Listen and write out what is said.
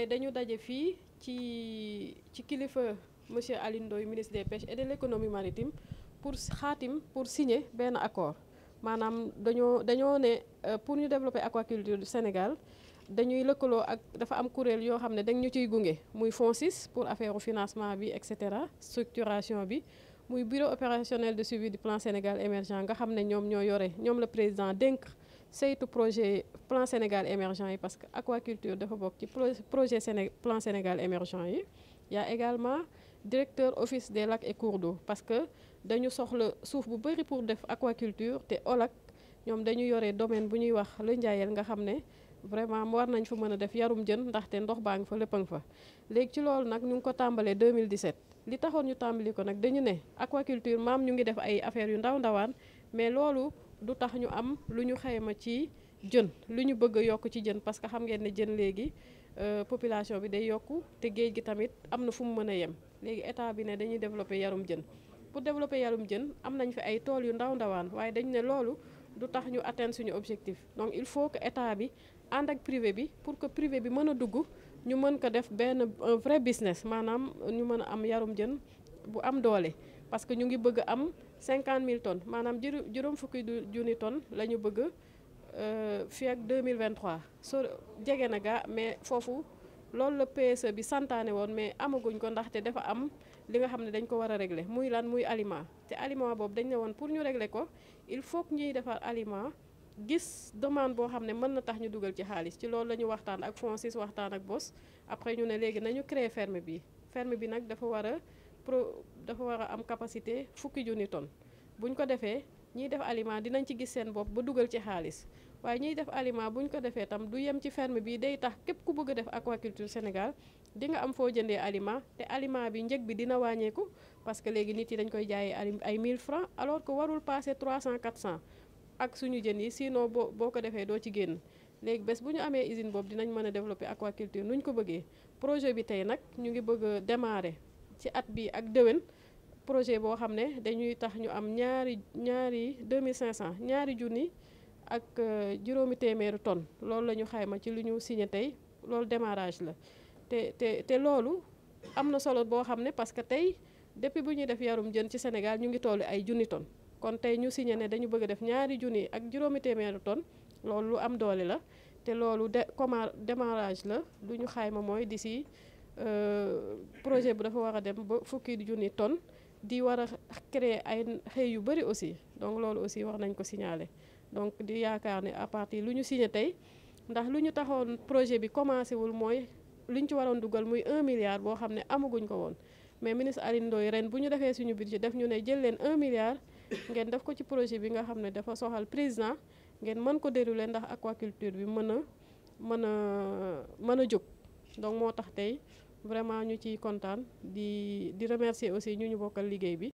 tey dañu daje fii ci ci kilifa monsieur Alioune Ndoye ministre des pêches et de l'économie maritime pour xaatim pour signer benn accord maanaam dañoo dañoo ne euh, pour ñu développer aquaculture du Sénégal dañuy lëkkaloo ak dafa am kuréel yoo xam ne dañ ñu ciy gunge muy FONSIS pour affaire financement bi et cetera structuration bi muy bureau opérationnel de suivi du plan Sénégal émergent nga xam ne ñoom ñoo yore ñoom la président dénk saytu projet plan Sénégal émergent yi parce que aquaculture dafa bokk ci projet Séné plan Sénégal émergent yi y également directeur office de lak et do parce que dañu soxla suuf bu bëri pour def aquaculture te OLAC ñoom dañu yore domaine bu ñuy wax le Njaayel nga xam ne vraiment war nañ fa mën a def yarum jën ndaxte ndox baa ngi fa lépp a ngi fa léegi ci loolu nag ñu ngi ko tàmbalee 2017 li taxoon ñu tàmbali ko nag dañu ne aquaculture maam ñu ngi def ay affaires yu ndaw ndawaan mais du tax ñu am lu ñu xayma ci jën lu ñu bëgg a yokk ci jën parce que xam ngeen ne jën léegi euh, population bi day yokk te géej gi tamit am na fu mu mën a yem léegi état bi ne dañuy développer yarum jën pour développer yarum jën am nañ fi ay tool yu ndaw ndawaan waaye dañ ne loolu du tax ñu atteindre suñu objectif donc il faut que état bi ànd ak privé bi pour que privé bi mën a dugg ñu mën ko def benn un vrai business maanaam ñu mën a am yarum jën bu am doole parce que ñu ngi bëgg am cinquante mille tonnes maanaam juróom fukki junni tonnes la ñu bëgg euh, fii ak deux mille vingt trois soo jege na gaa mais foofu loolu la PSE bi santaane woon mais amaguñ ko ndaxte dafa am li nga xam ne dañ ko war a régler muy lan muy aliment te aliment boobu dañ ne woon pour ñu régler ko il faut ñuy defar aliment gis demande boo xam ne mën na tax ñu dugal ci xaalis ci loolu la ñu waxtaan ak FONSIS waxtaan ak BOS après ñu ne léegi nañu créer ferme bi ferme bi nag dafa war a pro dafa war a am capacité fukki junni tonne buñ ko defee ñiy def aliment dinañ ci gis seen bopp ba dugal ci xaalis waaye ñiy def aliment buñ ko defee tam du yem ci ferme bi day tax képp ku bëgg def aquaculture Sénégal di nga am foo jëndee aliment te aliment bi njëg bi dina wàññeeku parce que léegi nit yi dañ koy jaayee ay mille francs alors que warul passé 300 cent ak suñu jën yi sinon boo boo ko defee doo ci génn léegi bés bu ñu amee usine boobu dinañ mën a développer aquaculture nuñ ko bëggee projet bi tey nag ñu ngi bëgg a démarrer ci at bi ak déwén projet boo xam ne dañuy tax ñu am ñaari ñaari deux cinq 2500 ñaari junni ak euh, juróomi téeméeri tonne loolu la ñu xayma ci lu ñu signé tey loolu démarrage la te te te loolu am na solo boo xam ne parce que tey depuis bu ñuy def yarum jën ci Sénégal ñu ngi tollu ay junni tonne kon tey ñu signé ne dañu bëgg a def ñaari junni ak juróomi téeméeri tonne loolu lu am doole la te loolu de comment démarrage la lu ñu xayma mooy d'ici Euh, projet bu dafa war a dem ba fukki junni ton di war a créer ay xëy yu bëri aussi donc loolu aussi wax nañ ko signaler donc di yaakaar ne à partir lu ñu signé tey ndax lu ñu taxoon projet bi commencé wul mooy lu ñu ci waroon dugal muy un milliard boo xam ne amaguñ ko woon mais ministre Alioune Ndoye ren bu ñu defee suñu budget def ñu ne jël leen 1 milliard ngeen def ko ci projet bi nga xam ne dafa soxal président ngeen mën ko dérouler ndax aquaculture bi mën a mën a mën a jóg moo tax tey vraiment ñu ciy kontaan di di remercier aussi ñu ñu bokkal liggéey bi